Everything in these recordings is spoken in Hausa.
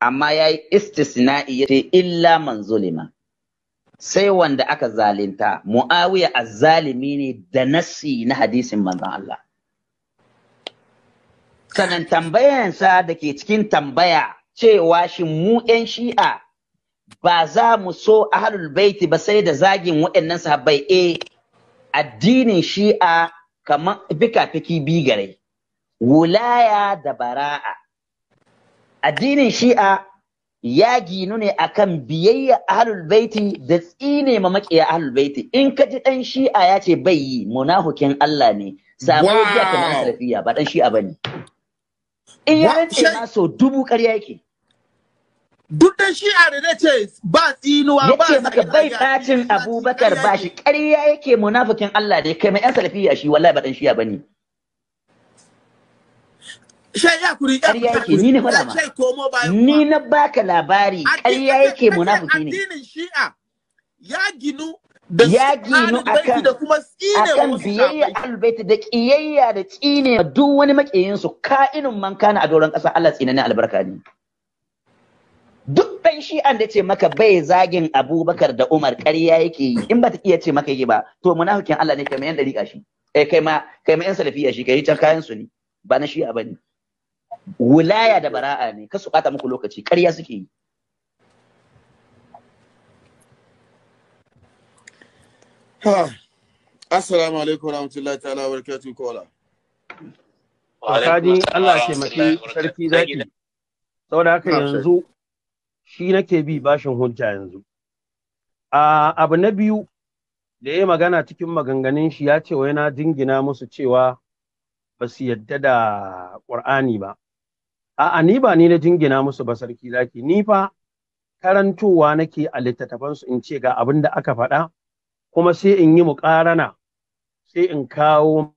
amma ya yi istisna'i ya ce illa man zulima sai wanda aka zalinta mu'awiya az-zalimi ne da nasi na hadisin manzon Allah sanan tambayansa da ke cikin tambaya cewa shi mu 'yan shi'a ba za mu so ahlul baiti ba sai da zagin waɗannan sahabbai eh addinin shi'a kamar fikafiki fiki bigare wulaya da bara'a addinin shi'a ya ginu ne akan biyayya ahlul baiti da tsine ma makiya ahlul baiti in ka ji dan shi'a ya ce bai yi munafikin Allah ne sabo biya ta salafiya ba dan shi'a bane in ya ce ma so dubu ƙarya yake duk dan shi'a da na ce ba tsinuwa ba sai maka bai tacin Abubakar ba shi ƙarya yake munafikin Allah ne kai mai yan salafiya shi wallahi ba dan shi'a bane Shai ya kuri ya yake ni na faɗa ma. Ni na baka labari ƙarya yake munafiki ne. Addinin Shi'a ya ginu da ya ginu akan da kuma tsine akan biyayya albaita da kiyayya da tsine duk wani makiyin su ka'inin man kana a doron ƙasa Allah tsine ne albarka ne. Duk ɗan shi'an da ce maka bai zagin Abubakar da Umar ƙarya yake yi in ba ta iya ce maka yi ba to munafikin Allah ne kai ma yan dariƙa shi eh kai ma kai ma yan salafiya shi kai ta kayan su ne ba na shi'a bane. wulaya da bara'a ne kasu kata muku lokaci ƙarya suke yi ha assalamu alaikum rahmatullahi ta'ala barakatuh kola Sadi Allah ke maki sarki zaki saboda haka yanzu shi nake bi bashin hujja yanzu a abu na biyu da ya magana cikin maganganun shi ya ce wa yana dingina musu cewa ba su yadda da ƙur'ani ba A'a ni ba ni na jingina musu ba sarki zaki ni fa karantowa nake a littattafansu in ce ga abin da aka faɗa kuma sai in yi muƙarana sai in kawo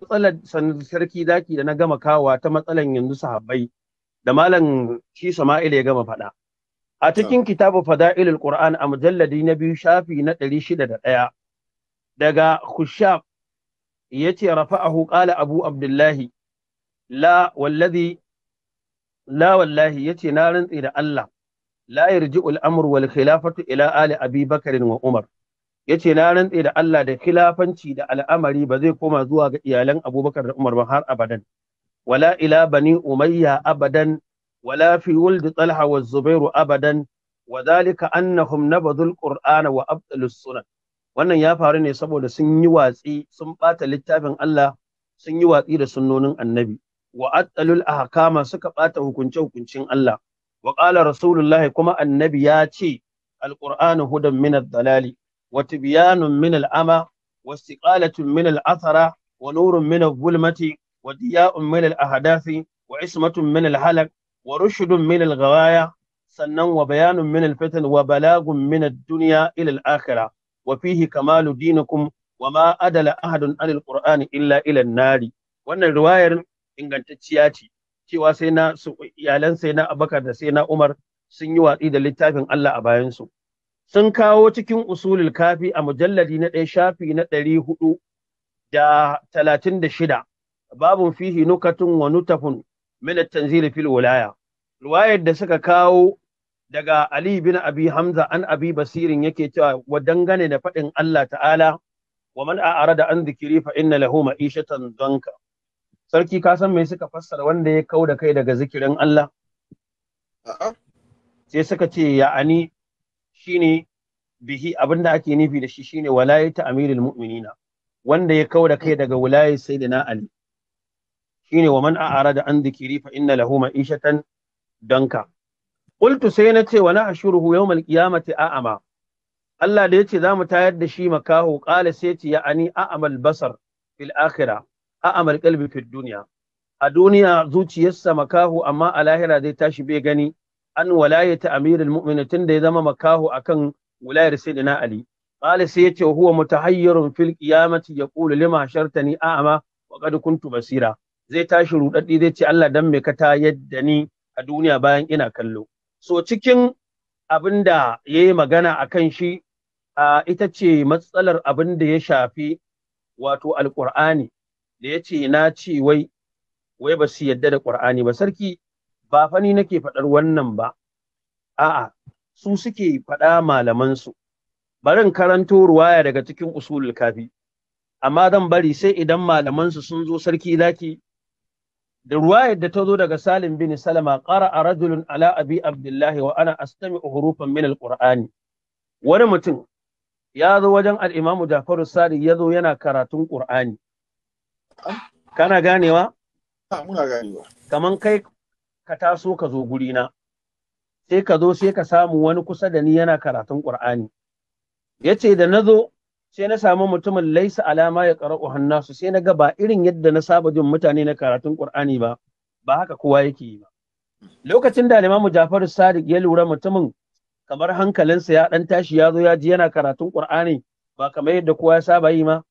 matsalar sarki zaki da na gama kawa ta matsalar yanzu sahabbai da malam shi Sama'il ya gama faɗa. A cikin kitabu Fada'ilul Qur'an a mujalladi na biyu shafi na ɗari shida da ɗaya daga Khushab ya ce rafa'ahu ƙala Abu Abdullahi la wallazi la wallahi yace na rantsi da Allah la yarji'ul amru wal khilafatu ila ali abi bakr wa umar yace na rantsi da Allah da khilafanci da al'amari ba zai koma zuwa ga iyalan abubakar da umar ba har abadan wala ila bani umayya abadan wala fi wuldi talha wa zubairu abadan wa zalika annahum nabadhul qur'ana wa abdalus sunan wannan ya faru ne saboda sun yi watsi sun bata littafin Allah sun yi watsi da sunnonin annabi wa atalul ahkama suka bata hukunce hukuncin Allah wa qala rasulullahi kuma annabi ya ce alqur'anu hudan min ad-dalali wa tibyanun min al-ama wa istiqalatun min al-athara wa nurun min al dhulmati wa diya'un min al-ahdathi wa ismatun min al-halak wa rushdun min al-ghawaya sannan wa bayanun min al-fitan wa balagun min ad-dunya ila al-akhirah wa fihi kamalu dinikum wa ma adala ahadun anil qur'ani illa ila an-nari wannan riwayar ingantacciya ce cewa sai na iyalan sai na Abubakar da sai na Umar sun yi watsi da littafin Allah a bayansu. Sun kawo cikin usulul kafi a mujalladi na ɗaya shafi na ɗari hudu da talatin da shida babun fihi nukatun wa nutafun min tanzil fil wilaya. Ruwayar da suka kawo daga Ali bin Abi Hamza an Abi Basirin yake cewa wa dangane da faɗin Allah ta'ala wa man a'rada an zikiri fa inna lahu ma'ishatan danka. sarki ka san me suka fassara wanda ya kau da kai daga zikirin Allah sai suka ce ya'ani shine bihi abinda ake nufi da shi shine walayatu amirul mu'minina wanda ya kau da kai daga wilayar sayyidina ali shine wa man a'arada an dhikri fa inna lahu ma'ishatan danka qultu sai na ce wa ashuruhu yawmal qiyamati a'ama Allah da yace zamu tayar da shi makaho qala sai ce ani a'amal basar fil akhirah a'amal qalbi bikin dunya a duniya zuciyarsa makahu amma a lahira zai tashi bai gani an walayata amirul mu'minin tun da ya zama makahu akan wulayar sayyidina ali qala sai yace huwa mutahayyirun fil qiyamati yaqulu lima shartani a'ama wa qad kuntu basira zai tashi rudaddi zai ce Allah dan me ka ta yadda ni a duniya bayan ina kallo so cikin abin da ya yi magana akan shi ita ce matsalar abin da ya shafi wato alƙur'ani da ya ce na ce wai wai ba su yadda da ƙur'ani ba sarki ba fa ni nake faɗar wannan ba a'a su suke faɗa malamansu barin karanto ruwaya daga cikin usulul kafi amma zan bari sai idan malamansu sun zo sarki zaki da ruwayar da ta zo daga Salim bin Salama a rajulun ala abi Abdullahi wa ana astami'u hurufan min al wani mutum ya zo wajen al Jafaru Sadiq ya zo yana karatun Qur'ani Kana ganewa? Ha, muna ganewa. Kaman kai ka taso ka zo na, sai ka zo sai ka samu wani kusa da ni yana karatun Ƙur'ani. Ya ce da na zo sai na samu mutumin laisa alama ya ƙara'u hannasu sai na ga ba irin yadda na saba jin mutane na karatun Ƙur'ani ba, ba haka kowa yake yi ba. Lokacin da Limamu Jafaru Sadiq ya lura mutumin kamar hankalinsa ya ɗan tashi ya zo ya ji yana karatun Ƙur'ani ba kamar yadda kowa ya saba yi ma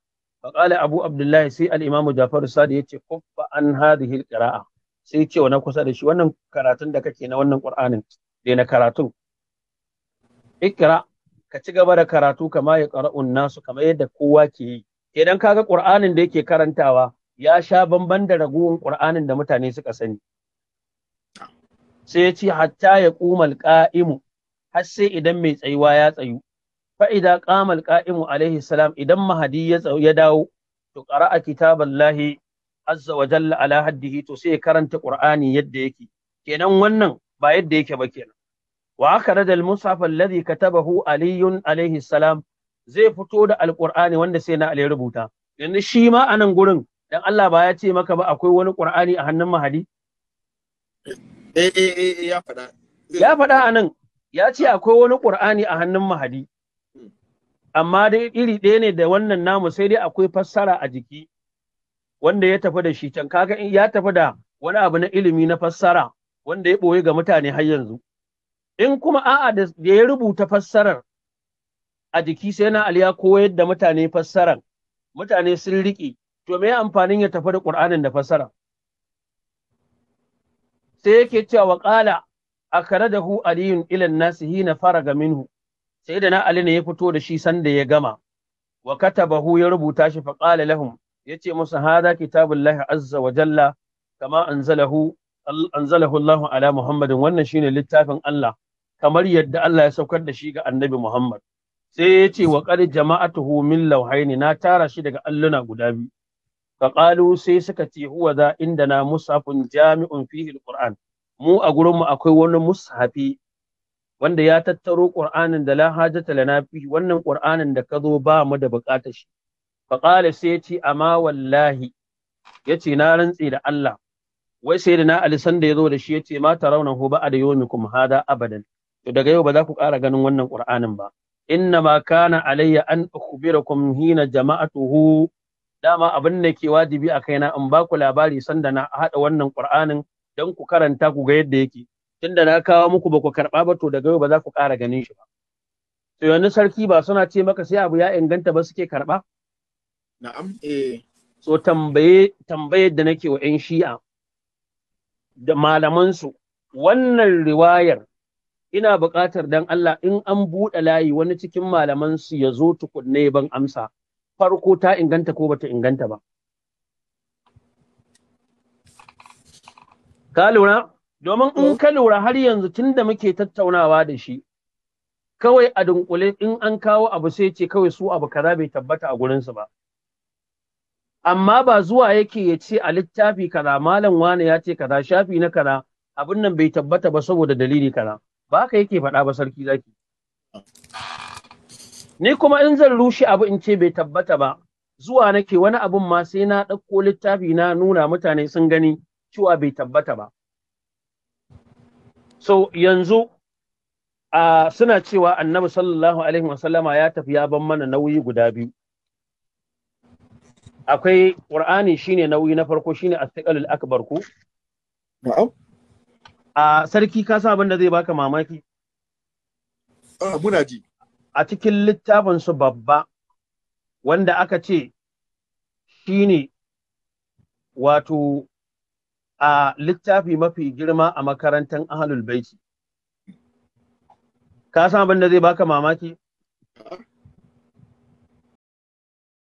فقال أبو عبد الله سي sadi جعفر الصادق يتي كف عن هذه القراءة sai ce wannan kusa da shi wannan karatun da kake na wannan Qur'anin dai na karatu ikra ka ci gaba da karatu kama ya qara'un nasu kamar yadda kowa ke yi idan kaga Qur'anin da yake karantawa ya sha bamban da raguwan Qur'anin da mutane suka sani sai ya ci hatta ya qumal har sai idan mai tsayuwa ya tsayu fa'ida kamal ƙa'imu alaihi salam idan mahadi ya dawo to qara'a kitaballahi azza wa jalla ala haddihi to sai karanta Kur'ani yadda yake kenan wannan ba yadda yake ba kenan wa akhraja al-mushaf alladhi katabahu aliyun alaihi salam zai fito da alƙur'ani wanda sai na ali rubuta yanzu shi ma nan gurin dan Allah ba ya ce maka ba akwai wani ƙur'ani a hannun mahadi eh, eh eh eh ya faɗa ya faɗa anan ya ce akwai wani qur'ani a hannun mahadi amma dai iri ɗaya ne da wannan namu sai dai akwai fassara a jiki wanda ya tafi da shi can kaga ya tafi da wani abu na ilimi na fassara wanda ya ɓoye ga mutane har yanzu in kuma a'a da ya rubuta fassarar a jiki sai na aliya koyar da mutane fassarar mutane sun riƙe to me amfanin ya tafi da ƙur'anin da fassara sai yake cewa wa ƙala da hu aliyun ilan nasihi na fara faraga minhu sai da na Ali ne ya fito da shi sanda ya gama wa katabahu ya rubuta shi fa qala lahum yace musu hada kitabullahi azza wa jalla kama anzalahu anzalahu ala Muhammadin wannan shine littafin Allah kamar yadda Allah ya saukar da shi ga Annabi Muhammad sai yace wa qad jama'atuhu min lawhaini na tara shi daga alluna guda biyu fa sai suka ce huwa inda na mushafun jami'un fihi alquran mu a gurinmu akwai wani mushafi wanda ya tattaro Kur'anin da la hajata fi wannan Kur'anin da ka zo ba mu da buƙatar shi faqala sai ce, amma wallahi yace na rantse da Allah wai sai da na Ali sanda ya zo da shi yace ma ta hu ba da kuma hada abadan to daga yau ba za ku ƙara ganin wannan Kur'anin ba inna ma kana alayya an kum hina jama'atuhu dama abin da ke wajibi a kaina in ba ku labari sanda na haɗa wannan Kur'anin dan ku karanta ku ga yadda yake tunda na kawo muku ba ku karɓa ba to daga yau ba za ku ƙara ganin shi ba to yanzu sarki ba suna ce maka sai abu ya inganta ba suke karɓa na'am eh so tambaye tambaye da nake wa 'yan shi'a da malamansu wannan riwayar ina buƙatar dan Allah in an buɗe layi wani cikin malamansu ya zo tukunne ban amsa farko ta inganta ko bata inganta ba ka lura Domin in hmm? ka lura har yanzu tun da muke tattaunawa da shi, kawai a dunkule in an kawo abu sai ce kawai su abu kaza bai tabbata a gurinsu ba. Amma ba zuwa yake ya ce a littafi kaza malam wani ya ce kaza shafi na kaza abin nan bai tabbata ba saboda dalili kaza. Ba haka yake faɗa ba sarki zaki. Ni kuma in zan rushe abu in ce bai tabbata ba, zuwa nake wani abun ma sai na ɗauko littafi na nuna mutane sun gani cewa bai tabbata ba. so yanzu a suna cewa annabi sallallahu alaihi wasallama ya tafi ya ban mana nauyi guda biyu akwai qur'ani shine nauyi na farko shine astiqalul akbar ku a sarki ka sa abin da zai baka mamaki muna ji a cikin littafin su babba wanda aka ce shine wato a littafi mafi girma a makarantar ahalul baiti ka san abin da zai baka mamaki